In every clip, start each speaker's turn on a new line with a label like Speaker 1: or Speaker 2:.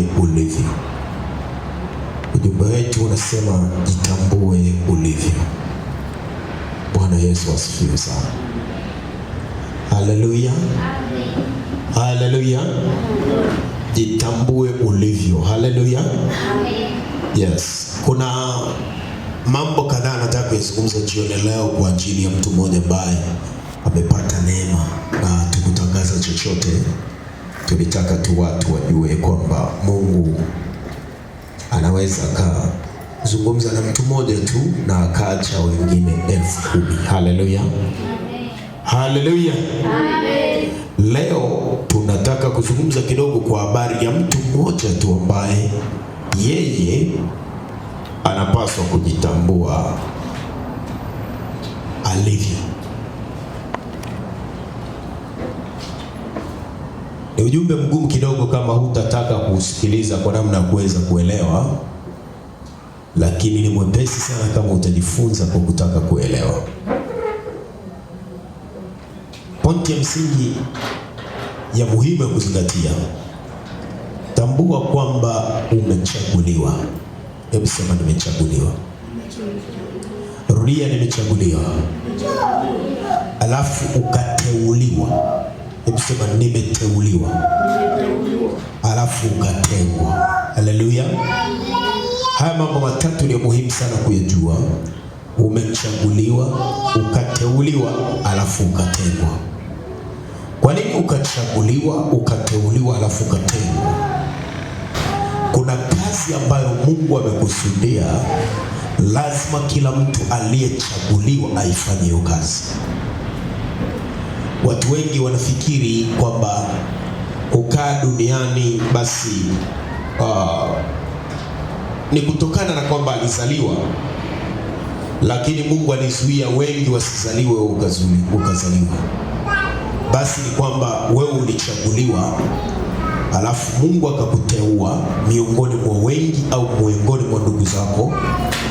Speaker 1: jitambue ulivyo. Ujumbe wetu unasema jitambue ulivyo. Bwana Yesu asifiwe sana. Haleluya, haleluya. Jitambue ulivyo.
Speaker 2: Haleluya,
Speaker 1: yes. Kuna mambo kadhaa nataka kuzungumza jioni leo kwa ajili ya mtu mmoja ambaye amepata neema na tukutangaza chochote tulitaka tu watu wajue kwamba Mungu anaweza akazungumza na mtu mmoja tu na akaacha wengine elfu kumi. Haleluya, haleluya. Leo tunataka kuzungumza kidogo kwa habari ya mtu mmoja tu ambaye yeye anapaswa kujitambua alivyo. Ni ujumbe mgumu kidogo kama hutataka kusikiliza kwa namna ya kuweza kuelewa, lakini ni mwepesi sana kama utajifunza kwa kutaka kuelewa. Pointi ya msingi ya muhimu ya kuzingatia, tambua kwamba umechaguliwa. Hebu sema nimechaguliwa, rudia nimechaguliwa, alafu ukateuliwa Hebu nimeteuliwa, alafu ukatengwa Haleluya! Haya mambo matatu ni muhimu sana kuyajua. Umechaguliwa, ukateuliwa, alafu ukatengwa Kwa nini ukachaguliwa, ukateuliwa, alafu ukatengwa Kuna kazi ambayo Mungu amekusudia, lazima kila mtu aliyechaguliwa aifanye hiyo kazi. Watu wengi wanafikiri kwamba kukaa duniani basi uh, ni kutokana na kwamba alizaliwa, lakini Mungu alizuia wengi wasizaliwe, ukazaliwa. Basi ni kwamba wewe ulichaguliwa, alafu Mungu akakuteua miongoni mwa wengi au miongoni mwa ndugu zako,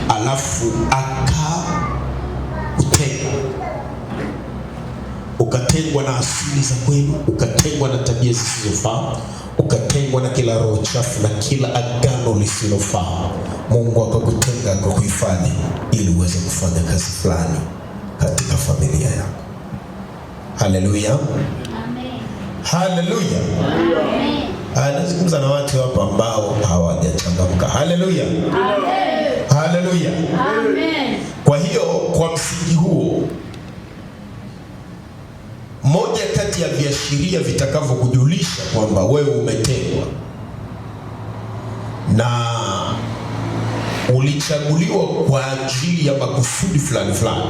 Speaker 1: alafu aka ukatengwa na asili za kwenu, ukatengwa na tabia zisizofaa, ukatengwa na kila roho chafu na kila agano lisilofaa. Mungu akakutenga akakuhifadhi, ili uweze kufanya kazi fulani katika familia yako.
Speaker 2: Haleluya, Haleluya,
Speaker 1: Anazungumza ah, na watu hapa ambao hawajachangamka.
Speaker 2: Haleluya, Haleluya,
Speaker 1: Kwa hiyo kwa msingi huo moja kati ya viashiria vitakavyokujulisha kwamba wewe umetengwa na ulichaguliwa kwa ajili ya makusudi fulani fulani,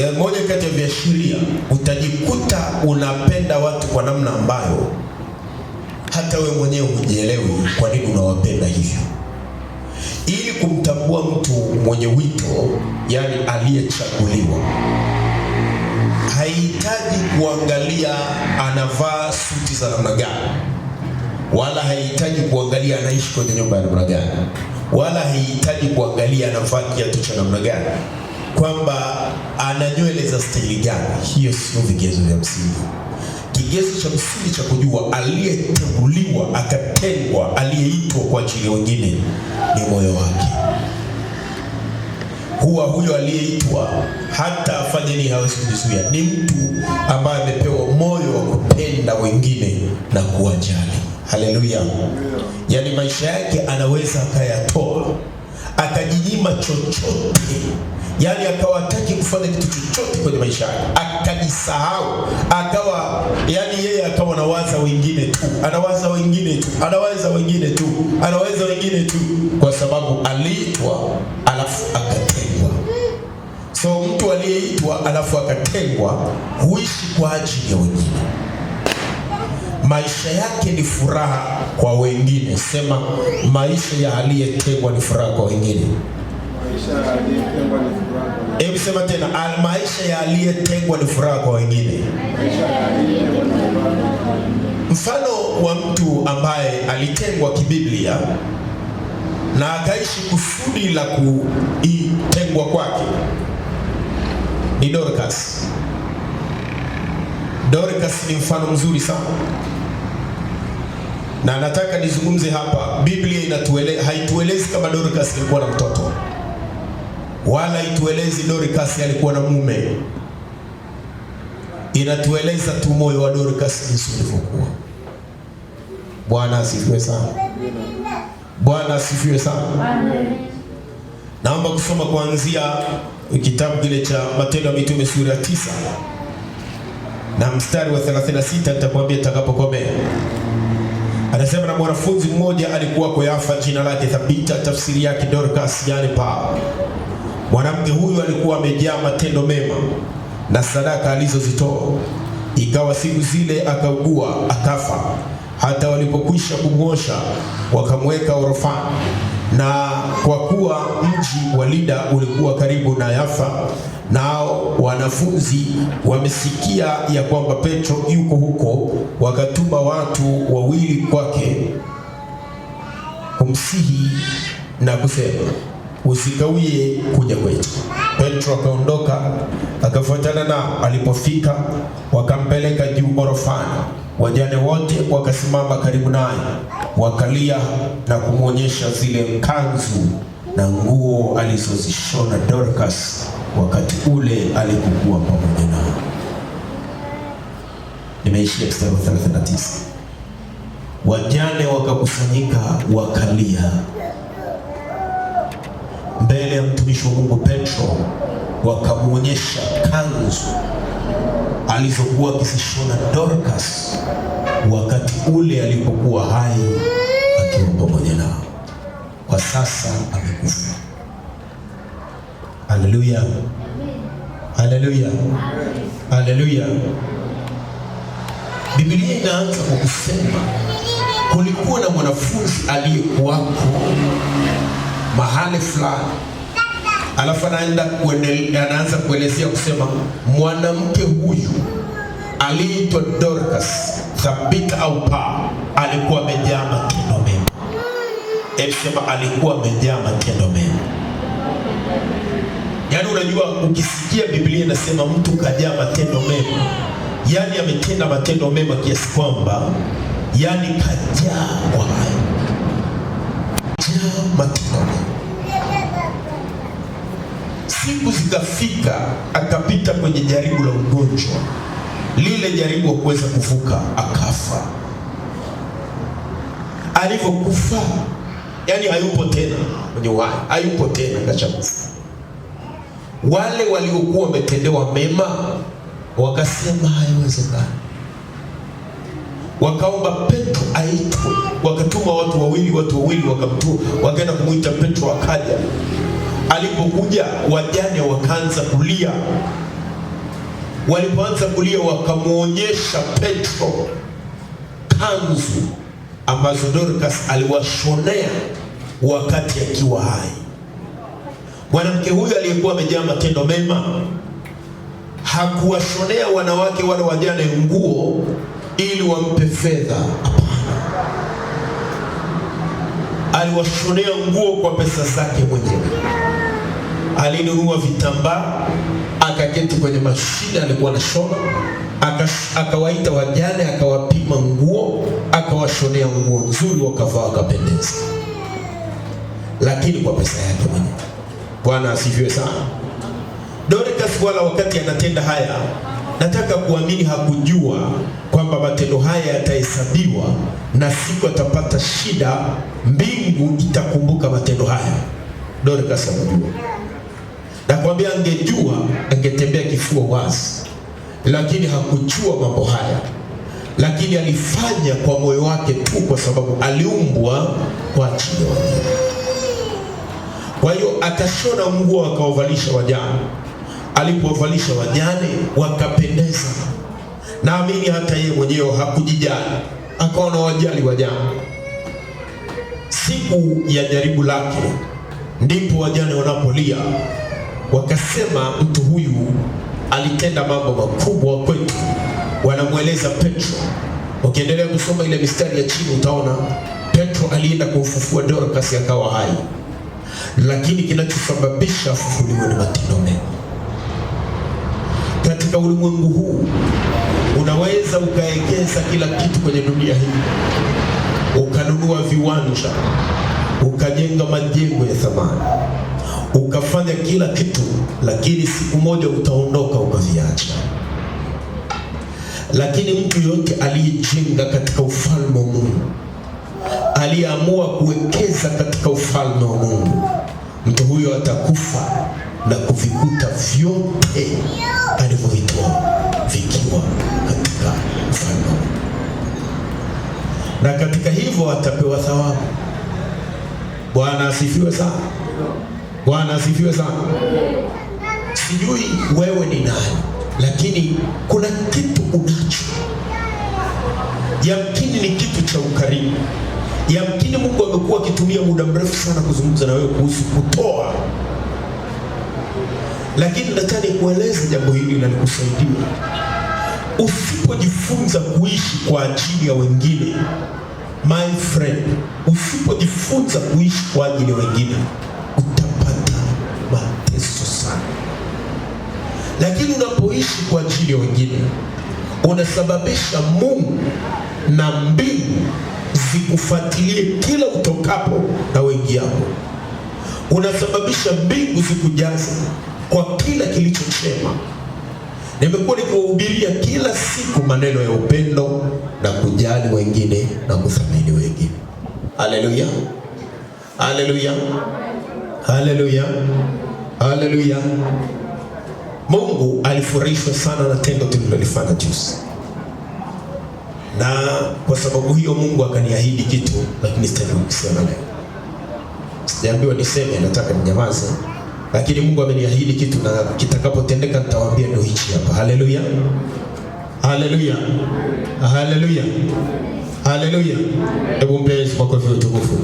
Speaker 1: ya moja kati ya viashiria, utajikuta unapenda watu kwa namna ambayo hata wewe mwenyewe hujielewi kwa nini unawapenda hivyo. Ili kumtambua mtu mwenye wito, yani aliyechaguliwa haihitaji kuangalia anavaa suti za namna gani, wala haihitaji kuangalia anaishi kwenye nyumba ya namna gani, wala haihitaji kuangalia anavaa kiatu cha namna gani, kwamba ana nywele za staili gani. Hiyo sio vigezo vya msingi. Kigezo cha msingi cha kujua aliyeteguliwa, akatengwa, aliyeitwa kwa ajili ya wengine ni moyo wake huwa huyo aliyeitwa hata afanye nini hawezi kujizuia. Ni mtu ambaye amepewa moyo wa kupenda wengine na kuwajali. Haleluya! Yaani maisha yake anaweza akayatoa, akajinyima chochote, yaani akawa hataki kufanya kitu chochote kwenye maisha yake, akajisahau, akawa yaani yeye akawa anawaza wengine tu, anawaza wengine tu, anawaza wengine tu, anawaza wengine tu, kwa sababu aliitwa alafu akatenda aliyeitwa alafu akatengwa huishi kwa ajili ya wengine. Maisha yake ni furaha kwa wengine. Sema, maisha ya aliyetengwa ni furaha kwa wengine. Hebu sema tena, maisha ya aliyetengwa ni furaha
Speaker 2: kwa wengine.
Speaker 1: Mfano wa mtu ambaye alitengwa kibiblia na akaishi kusudi la kutengwa kwake ni Dorcas. Dorcas ni mfano mzuri sana na nataka nizungumze hapa. Biblia inatuele, haituelezi kama Dorcas alikuwa na mtoto wala haituelezi Dorcas alikuwa na mume, inatueleza tu moyo wa Dorcas jinsi ulivyokuwa. Bwana asifiwe sana. Bwana asifiwe sana. Naomba kusoma kuanzia kitabu kile cha Matendo ya Mitume sura ya 9 na mstari wa 36 nitakwambia itakapokomea. Anasema, na mwanafunzi mmoja kwa Yafa, jina lake Thabita, tafsiri yake Dorcas, yani pa Mwanamke huyu alikuwa amejaa matendo mema na sadaka alizozitoa. Ikawa siku zile akaugua, akafa. Hata walipokwisha kumwosha, wakamweka orofani na kwa kuwa mji wa Lida ulikuwa karibu na Yafa, nao wanafunzi wamesikia ya kwamba Petro yuko huko, wakatuma watu wawili kwake kumsihi na kusema, usikawie kuja kwetu. Petro akaondoka Akafuatana nao, alipofika wakampeleka juu orofani. Wajane wote wakasimama karibu naye, wakalia na kumwonyesha zile kanzu na nguo alizozishona Dorcas wakati ule alipokuwa pamoja nao. Nimeishia mstari 39. Wajane wakakusanyika wakalia mbele ya mtumishi wa Mungu Petro wakamwonyesha kanzu alizokuwa akizishona Dorcas wakati ule alipokuwa hai akiwa pamoja nao. Kwa sasa amekufa. Haleluya, haleluya, haleluya. Biblia inaanza kwa kusema kulikuwa na mwanafunzi aliyekuwako mahali fulani alafu anaenda anaanza kuelezea kusema mwanamke huyu aliitwa Dorcas, thabita au pa, alikuwa amejaa matendo mema. Hebu sema alikuwa amejaa matendo mema. Yaani unajua ukisikia Biblia inasema mtu kajaa matendo mema, yaani ametenda matendo mema kiasi kwamba yaani kajaa kwa hayo, matendo mema siku zikafika akapita kwenye jaribu la ugonjwa, lile jaribu wa kuweza kuvuka, akafa. Alivyokufa yani hayupo tena kwenye uhai, hayupo tena kacha kufa. Wale waliokuwa wametendewa mema wakasema haiwezekani, wakaomba Petro aitwe, wakatuma watu wawili, watu wawili wakamtua, wakaenda kumwita Petro akaja alipokuja wajane wakaanza kulia. Walipoanza kulia, wakamwonyesha Petro kanzu ambazo Dorcas aliwashonea wakati akiwa hai. Mwanamke huyu aliyekuwa amejaa matendo mema hakuwashonea wanawake wale wajane nguo ili wampe fedha, hapana. Aliwashonea nguo kwa pesa zake mwenyewe alinunua vitambaa akaketi kwenye mashine alikuwa anashona, akawaita wajane, akawapima nguo, akawashonea nguo nzuri, wakavaa wakapendeza, lakini kwa pesa yake mwenyewe. Bwana asifiwe sana. Dorcas wala wakati anatenda haya, nataka kuamini hakujua kwamba matendo haya yatahesabiwa na siku atapata shida, mbingu itakumbuka matendo haya. Dorcas hakujua Nakwambia angejua angetembea kifua wazi, lakini hakujua mambo haya, lakini alifanya kwa moyo wake tu, kwa sababu aliumbwa kwa ajili ya wengine. Kwa hiyo atashona nguo akawavalisha wajane, alipowavalisha wajane wakapendeza. Naamini hata yeye mwenyewe hakujijali, akaona wajali wajane. Siku ya jaribu lake ndipo wajane wanapolia wakasema mtu huyu alitenda mambo makubwa kwetu. Wanamweleza Petro. Ukiendelea kusoma ile mistari ya chini utaona Petro alienda kumfufua Dorcas akawa hai, lakini kinachosababisha afufuliwe ni matendo mema. Katika ulimwengu huu unaweza ukaegeza kila kitu kwenye dunia hii, ukanunua viwanja, ukajenga majengo ya thamani ukafanya kila kitu, lakini siku moja utaondoka ukaviacha. Lakini mtu yoyote aliyejenga katika ufalme wa Mungu, aliyeamua kuwekeza katika ufalme wa Mungu, mtu huyo atakufa na kuvikuta vyote alivyovitoa vikiwa katika ufalme na katika hivyo atapewa thawabu. Bwana asifiwe sana. Bwana asifiwe sana. Sijui wewe ni nani, lakini kuna kitu unacho. Yamkini ni kitu cha ukarimu. Yamkini Mungu amekuwa akitumia muda mrefu sana kuzungumza na wewe kuhusu kutoa, lakini nataka nikueleze jambo hili na nikusaidie. Usipojifunza kuishi kwa ajili ya wengine, my friend, usipojifunza kuishi kwa ajili ya wengine Lakini unapoishi kwa ajili ya wengine, unasababisha Mungu na mbingu zikufuatilie kila utokapo na yako, Unasababisha mbingu zikujaze kwa kila kilicho chema. Nimekuwa nikiwahubiria kila siku maneno ya upendo na kujali wengine na kuthamini wengine. Haleluya, haleluya, haleluya, haleluya. Mungu alifurahishwa sana na tendo tulilolifanya juzi, na kwa sababu hiyo Mungu akaniahidi kitu, lakini sitaki kusema leo. Sijaambiwa niseme, nataka ninyamaze, lakini Mungu ameniahidi kitu, na kitakapotendeka nitawaambia ndio hichi hapa. Haleluya, haleluya, haleluya, haleluya! Hebu mpe makofi ya utukufu.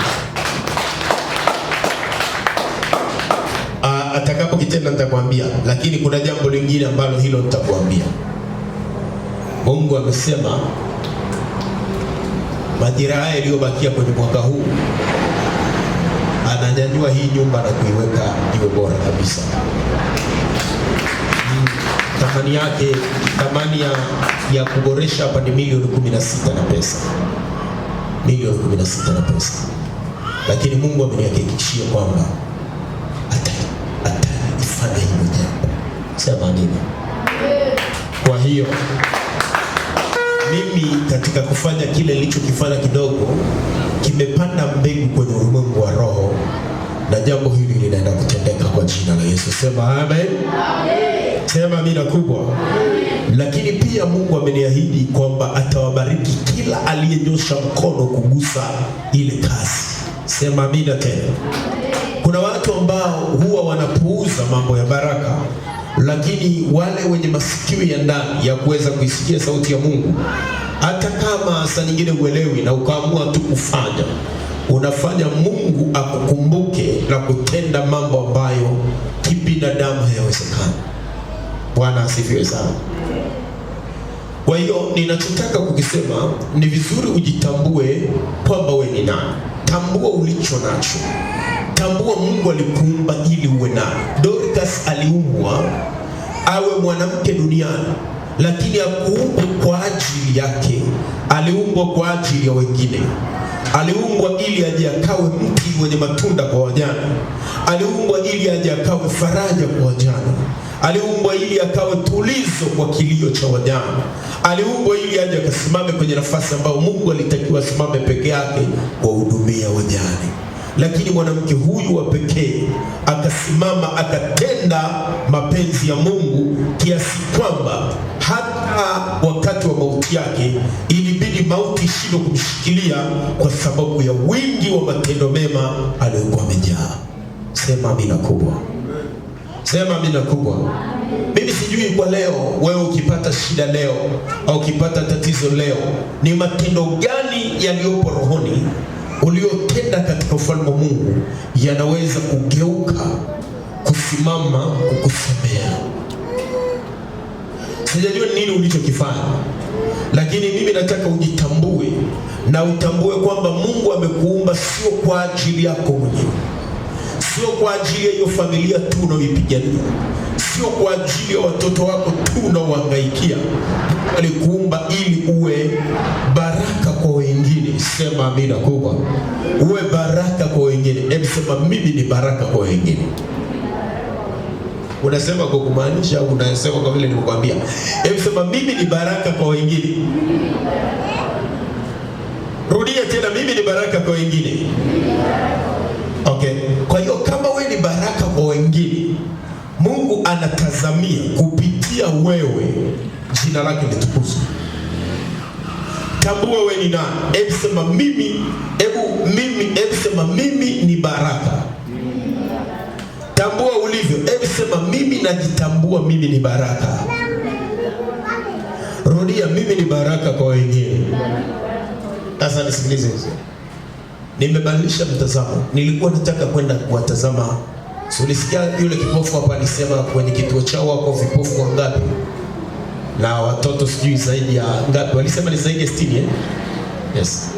Speaker 1: atakapokitenda nitakwambia, lakini kuna jambo lingine ambalo hilo nitakwambia. Mungu amesema majira haya yaliyobakia kwenye mwaka huu ananyanyua hii nyumba na kuiweka iwe bora kabisa. Thamani yake, thamani ya, ya kuboresha hapa ni milioni 16 na pesa, milioni 16 na pesa, lakini Mungu amenihakikishia kwamba themanini. Kwa hiyo mimi katika kufanya kile nilichokifanya kidogo kimepanda mbegu kwenye ulimwengu wa roho, na jambo hili linaenda kutendeka kwa jina la Yesu. Sema amen, amen. Sema amina kubwa amen. Lakini pia Mungu ameniahidi kwamba atawabariki kila aliyenyosha mkono kugusa ile kazi. Sema amina tena. Kuna watu ambao huwa wanapuuza mambo ya baraka lakini wale wenye masikio ya ndani ya kuweza kuisikia sauti ya Mungu, hata kama saa nyingine uelewi na ukaamua tu kufanya, unafanya Mungu akukumbuke na kutenda mambo ambayo kibinadamu hayawezekani. Bwana asifiwe sana. Kwa hiyo ninachotaka kukisema ni vizuri ujitambue kwamba wewe ni nani, tambua ulicho nacho tambua Mungu alikuumba ili uwe naye. Dorcas aliumbwa awe mwanamke duniani, lakini akuumbwa kwa ajili yake, aliumbwa kwa ajili ya wengine. Aliumbwa ili aje akawe mti wenye matunda kwa wajana. aliumbwa ili aje akawe faraja kwa wajana. aliumbwa ili akawe tulizo kwa kilio cha wajana. aliumbwa ili aje akasimame kwenye nafasi ambayo Mungu alitakiwa asimame peke yake, kuwahudumia wajane lakini mwanamke huyu wa pekee akasimama akatenda mapenzi ya Mungu kiasi kwamba hata wakati wa mauti yake ilibidi mauti ishindwe kumshikilia kwa sababu ya wingi wa matendo mema aliyokuwa amejaa. Sema amina kubwa, sema amina kubwa. Mimi sijui kwa leo, wewe ukipata shida leo au ukipata tatizo leo, ni matendo gani yaliyopo rohoni uliotenda katika ufalme wa Mungu yanaweza kugeuka kusimama kukusemea. Sijajua nini ulichokifanya, lakini mimi nataka ujitambue na utambue kwamba Mungu amekuumba sio kwa ajili yako mwenyewe, sio kwa ajili ya hiyo familia tu unaoipigania sio kwa ajili ya watoto wako tu unaohangaikia, alikuumba ili uwe baraka kwa wengine. Sema amina kubwa, uwe baraka kwa wengine. Hebu sema mimi ni baraka kwa wengine. Unasema kwa kumaanisha au unasema kwa vile nilikwambia? Hebu sema mimi ni baraka kwa wengine. Rudia tena, mimi ni baraka kwa wengine. Okay, kwa hiyo kama wewe ni baraka kwa wengine Mungu anatazamia kupitia wewe jina lake litukuzwe. Tambua wewe ni nani? Hebu sema mimi, hebu mimi, hebu sema mimi ni baraka. Tambua ulivyo, hebu sema mimi najitambua, mimi ni baraka. Rudia, mimi ni baraka kwa wengine. Sasa nisikilize, nimebadilisha mtazamo. Nilikuwa nataka kwenda kuwatazama Ulisikia yule kipofu hapa alisema kwenye kituo chao wako vipofu wangapi na watoto sijui zaidi ya ngapi, walisema ni zaidi ya 60 eh? Yes.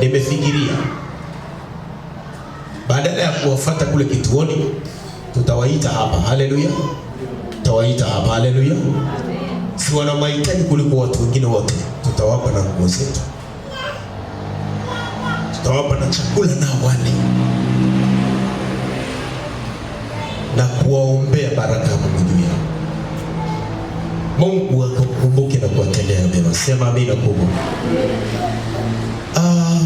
Speaker 1: Nimefikiria badala ya kuwafata kule kituoni, tutawaita hapa. Haleluya, tutawaita hapa. Haleluya, si wana mahitaji kuliko watu wengine wote. Tutawapa na nguo zetu, tutawapa na chakula na wali na kuwaombea baraka ya Mungu juu yao. Mungu akakumbuke na kuwatendea mema. Sema amina kubwa. Ah,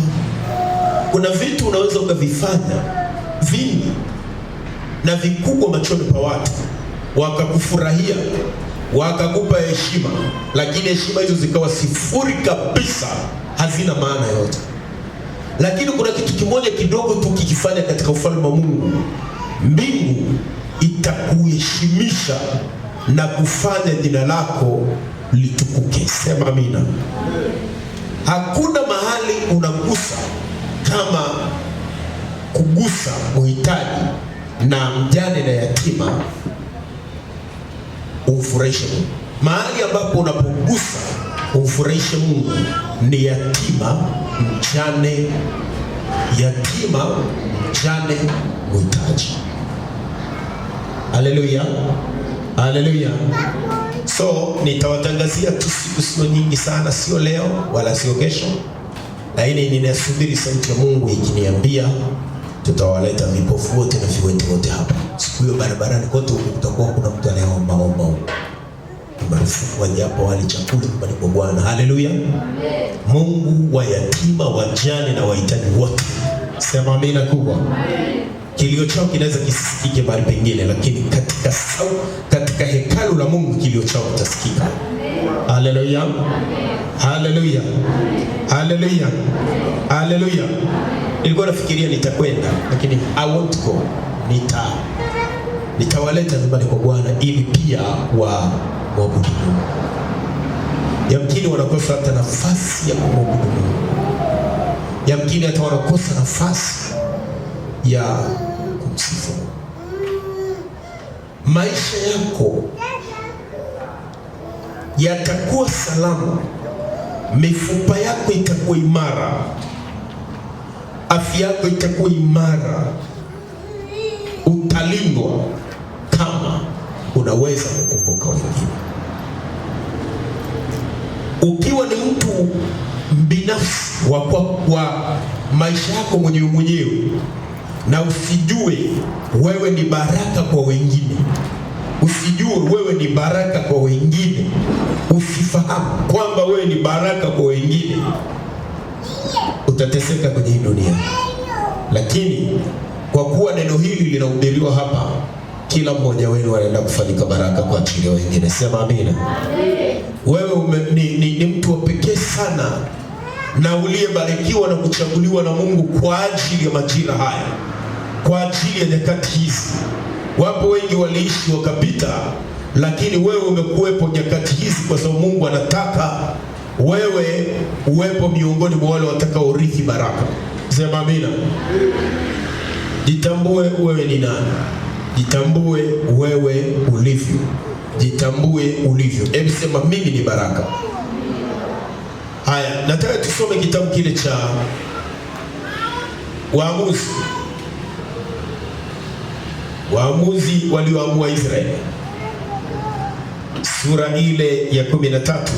Speaker 1: kuna vitu unaweza ukavifanya vingi na vikubwa machoni pa watu wakakufurahia wakakupa heshima, lakini heshima hizo zikawa sifuri kabisa, hazina maana yote. Lakini kuna kitu kimoja kidogo tu kikifanya katika ufalme wa Mungu, mbingu itakuheshimisha na kufanya jina lako litukuke. Sema amina. Hakuna mahali unagusa kama kugusa muhitaji na mjane na yatima umfurahishe Mungu. Mahali ambapo unapogusa umfurahishe Mungu ni yatima, mjane, yatima, mjane, muhitaji. Haleluya, haleluya. So nitawatangazia tu siku sio nyingi sana, sio leo wala sio kesho, lakini ninasubiri sauti ya Mungu ikiniambia tutawaleta vipofu wote na viwete wote hapa siku hiyo. Barabarani kote kutakuwa kuna mtu anayeomba omba omba, marufuku waje hapa wali chakula nyumbani kwa Bwana. Haleluya, Mungu wa yatima, wajane na wahitaji wote, sema amina kubwa. Amen. Kilio chao kinaweza kisikike mahali pengine, lakini katika sau, katika hekalu la Mungu kilio chao kitasikika. Haleluya, haleluya, haleluya, haleluya. Nilikuwa nafikiria nitakwenda, lakini I won't go, nita nitawaleta nyumbani kwa Bwana ili pia wa mwabudu Mungu. Yamkini wanakosa hata nafasi ya kumwabudu Mungu, yamkini hata wanakosa nafasi ya maisha yako yatakuwa salama, mifupa yako itakuwa imara, afya yako itakuwa imara, utalindwa kama unaweza kukumbuka wengine. Ukiwa ni mtu binafsi wa, wa maisha yako mwenyewe mwenyewe na usijue wewe ni baraka kwa wengine, usijue wewe ni baraka kwa wengine, usifahamu kwamba wewe ni baraka kwa wengine, utateseka kwenye hii dunia. Lakini kwa kuwa neno hili linahubiriwa hapa, kila mmoja wenu anaenda kufanyika baraka kwa ajili ya wengine. Sema amina. Wewe ume, ni, ni, ni mtu wa pekee sana na uliyebarikiwa na kuchaguliwa na Mungu kwa ajili ya majira haya kwa ajili ya nyakati hizi. Wapo wengi waliishi wakapita, lakini wewe umekuwepo nyakati hizi kwa sababu Mungu anataka wewe uwepo miongoni mwa wale watakaorithi baraka. Sema amina. Jitambue wewe ni nani, jitambue wewe ulivyo, jitambue ulivyo. Hebu sema mimi ni baraka. Haya, nataka tusome kitabu kile cha Waamuzi waamuzi walioamua Israeli sura ile ya kumi na tatu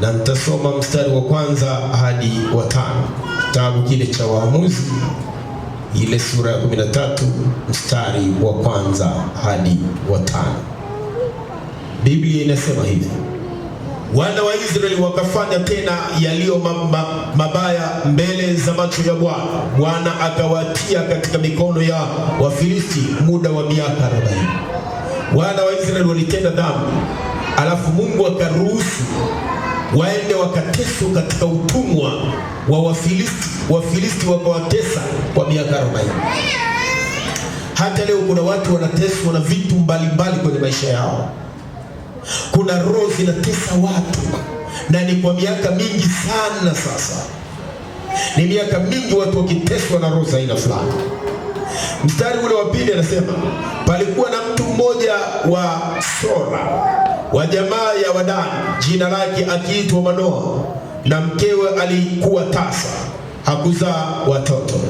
Speaker 1: na nitasoma mstari wa kwanza hadi wa tano kitabu kile cha Waamuzi ile sura ya 13 mstari wa kwanza hadi wa tano. Biblia inasema hivi: Wana wa Israeli wakafanya tena yaliyo mabaya mbele za macho ya Bwana. Bwana akawatia katika mikono ya Wafilisti muda wa miaka arobaini. Wana wa Israeli walitenda dhambi, alafu Mungu akaruhusu waende wakateswa katika utumwa wa Wafilisti. Wafilisti wakawatesa kwa miaka arobaini. Hata leo kuna watu wanateswa na vitu mbalimbali kwenye maisha yao. Kuna roho zinatesa watu na ni kwa miaka mingi sana sasa, ni miaka mingi watu wakiteswa na roho za aina fulani. Mstari ule wa pili anasema palikuwa na mtu mmoja wa Sora wa jamaa ya Wadani, jina lake akiitwa Manoa, na mkewe alikuwa tasa, hakuzaa watoto.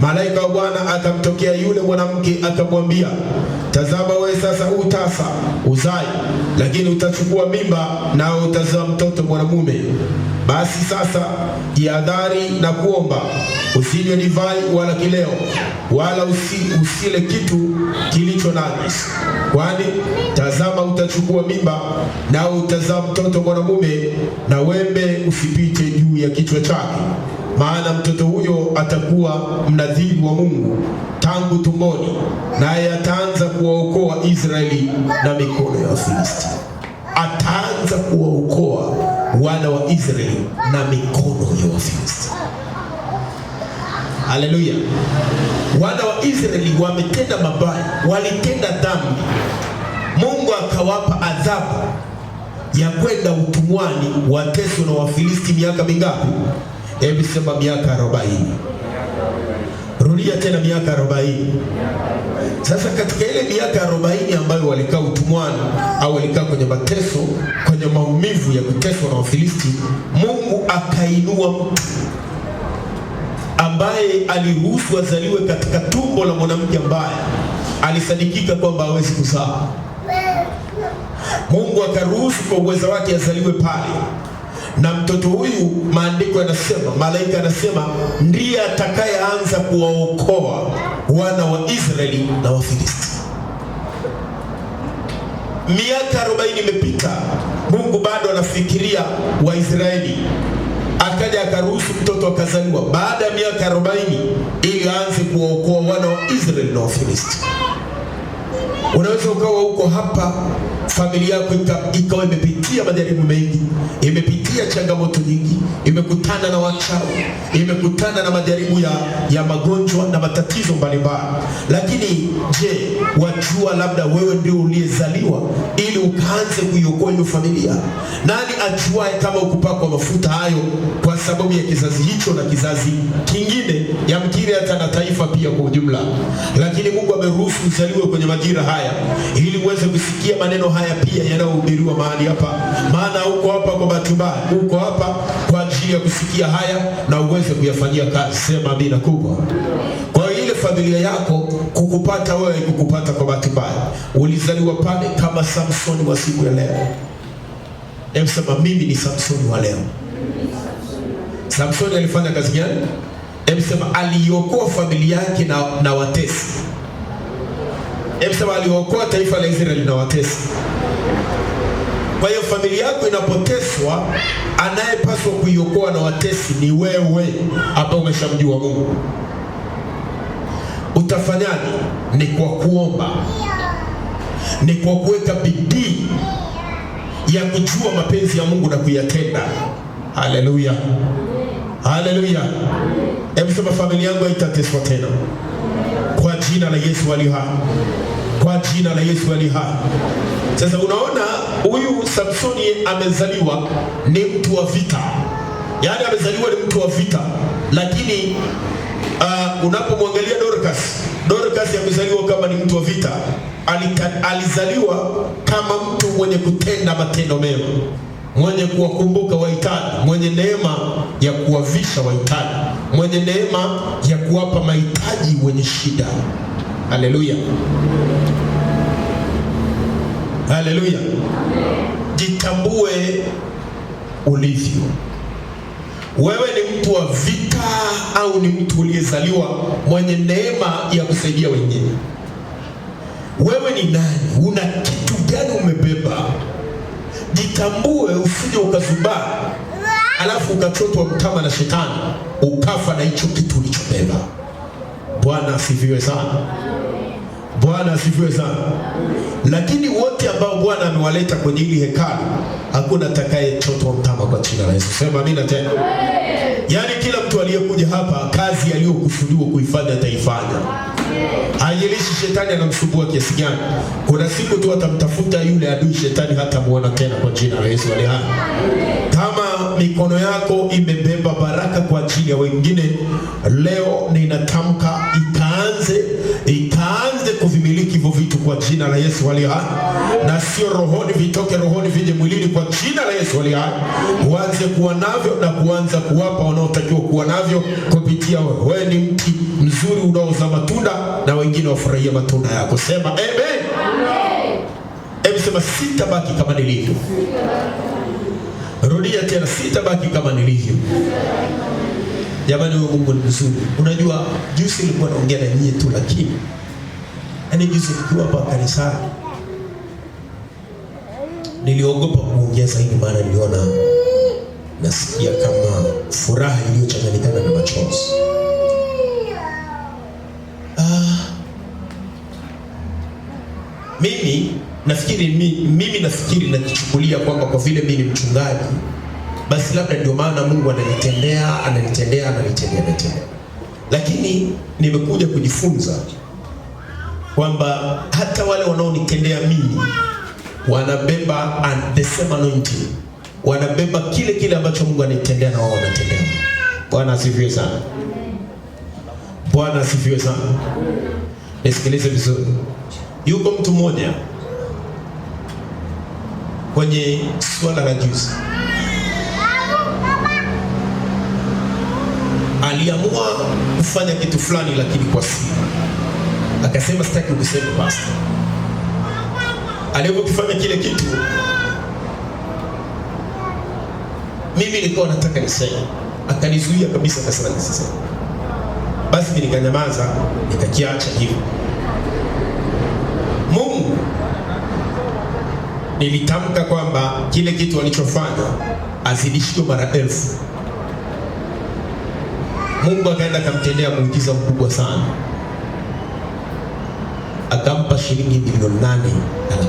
Speaker 1: Malaika wa Bwana akamtokea yule mwanamke akamwambia, tazama wewe sasa utasa uzai, lakini utachukua mimba na utazaa mtoto mwanamume. Basi sasa jihadhari na kuomba, usinywe divai wala kileo wala usi, usile kitu kilicho najisi, kwani tazama utachukua mimba na utazaa mtoto mwanamume, na wembe usipite juu ya kichwa chake maana mtoto huyo atakuwa mnadhibu wa Mungu tangu tumboni, naye ataanza kuwaokoa Israeli na mikono ya Wafilisti. Ataanza kuwaokoa wana wa Israeli na mikono ya Wafilisti. Haleluya! Wana wa Israeli wametenda mabaya, walitenda dhambi, Mungu akawapa adhabu ya kwenda utumwani, wateso na Wafilisti miaka mingapi? Hebu sema miaka arobaini. Rudia tena miaka arobaini. Sasa katika ile miaka arobaini ambayo walikaa utumwani au walikaa kwenye mateso, kwenye maumivu ya kuteswa na Wafilisti, Mungu akainua mtu ambaye aliruhusu azaliwe katika tumbo la mwanamke ambaye alisadikika kwamba hawezi kuzaa. Mungu akaruhusu kwa uwezo wake azaliwe pale na mtoto huyu, maandiko yanasema, malaika anasema ndiye atakayeanza kuwaokoa wana wa Israeli na Wafilisti. Miaka 40 imepita, Mungu bado anafikiria Waisraeli, akaja akaruhusu mtoto akazaliwa baada ya miaka 40 ili aanze kuwaokoa wana wa Israeli na Wafilisti. Unaweza ukawa huko hapa, familia yako ikawa imepita imepitia majaribu mengi, imepitia changamoto nyingi, imekutana na wachawi, imekutana na majaribu ya, ya magonjwa na matatizo mbalimbali. Lakini je, wajua labda wewe ndio uliyezaliwa ili ukaanze kuiokoa hiyo familia? Nani ajuae kama ukupakwa mafuta hayo kwa sababu ya kizazi hicho na kizazi kingine, yamkini hata na taifa pia kwa ujumla. Lakini Mungu ameruhusu uzaliwe kwenye majira haya ili uweze kusikia maneno haya pia yanayohubiriwa mahali hapa maana uko hapa kwa bahati mbaya, uko hapa kwa ajili ya kusikia haya na uweze kuyafanyia kazi. Sema amina kubwa. Kwa hiyo ile familia yako kukupata wewe kukupata kwa bahati mbaya, ulizaliwa pale kama Samsoni wa siku ya leo. Hebu sema mimi ni Samsoni wa leo. Samsoni alifanya kazi gani? Hebu sema aliokoa familia yake na, na watesi. Hebu sema aliokoa taifa la Israeli na watesi familia yako inapoteswa, anayepaswa kuiokoa na watesi ni wewe. Hapa umeshamjua Mungu. Utafanyaje? Ni kwa kuomba, ni kwa kuweka bidii ya kujua mapenzi ya Mungu na kuyatenda. Haleluya, haleluya! Hebu sema, familia yangu haitateswa tena, kwa jina la Yesu aliha, kwa jina la Yesu ali sasa unaona huyu Samsoni amezaliwa ni mtu wa vita, yaani amezaliwa ni mtu wa vita, lakini uh, unapomwangalia Dorcas, Dorcas amezaliwa kama ni mtu wa vita, alizaliwa kama mtu mwenye kutenda matendo mema, mwenye kuwakumbuka wahitaji, mwenye neema ya kuwavisha wahitaji, mwenye neema ya kuwapa mahitaji wenye shida. Haleluya! Haleluya. Jitambue ulivyo. Wewe ni mtu wa vita au ni mtu uliyezaliwa mwenye neema ya kusaidia wengine? Wewe ni nani? Una kitu gani umebeba? Jitambue, usije ukazubaa alafu ukachotwa mtama na shetani ukafa na hicho kitu ulichobeba. Bwana asifiwe sana. Bwana asifiwe sana. Lakini wote ambao Bwana amewaleta kwenye hili hekalu hakuna atakaye atakayechotwa mtama kwa jina la Yesu. Sema amina tena. Yaani kila mtu aliyekuja hapa kazi aliyokusudiwa kuifanya ataifanya. Haijalishi shetani anamsumbua kiasi gani. Kuna siku tu atamtafuta yule adui shetani hata muona tena kwa jina la Yesu aliha. Kama mikono yako imebeba baraka kwa ajili ya wengine leo ninatamka ikaanze kwa jina la Yesu walio hai, na sio rohoni, vitoke rohoni vije mwilini kwa jina la Yesu walio hai. Uanze kuwa navyo na kuanza kuwapa wanaotakiwa kuwa navyo kupitia wewe. ni mti mzuri unaozaa matunda na wengine wafurahia matunda yako. Sema amen. Hebu sema sitabaki kama nilivyo. Rudia tena, sitabaki kama nilivyo. Jamani, huyo Mungu ni mzuri. Unajua, juzi nilikuwa naongea na nyinyi tu, lakini Yaani juzi nikiwa hapa kanisani niliogopa kuongea zaidi, maana niliona nasikia kama furaha iliyochanganyikana na machozi. Ah, mimi nafikiri mimi nafikiri nakichukulia kwamba kwa vile mimi ni mchungaji, basi labda ndio maana Mungu ananitendea ananitendea ananitendea ananitendea, lakini nimekuja kujifunza kwamba hata wale wanaonitendea mimi wanabeba the same anointing, wanabeba kile kile ambacho Mungu anitendea na wao wanatendea. Bwana asifiwe sana. Bwana asifiwe sana. Nisikilize vizuri, yuko mtu mmoja kwenye swala la juzi aliamua kufanya kitu fulani, lakini kwa siri akasema sitaki kusema pastor. Alipokifanya kile kitu, mimi nilikuwa nataka niseme, akanizuia kabisa, akasema nisiseme. Basi mimi nikanyamaza, nikakiacha hivyo. Mungu, nilitamka kwamba kile kitu alichofanya azidishiwe mara elfu. Mungu akaenda akamtendea muujiza mkubwa sana akampa shilingi bilioni nane na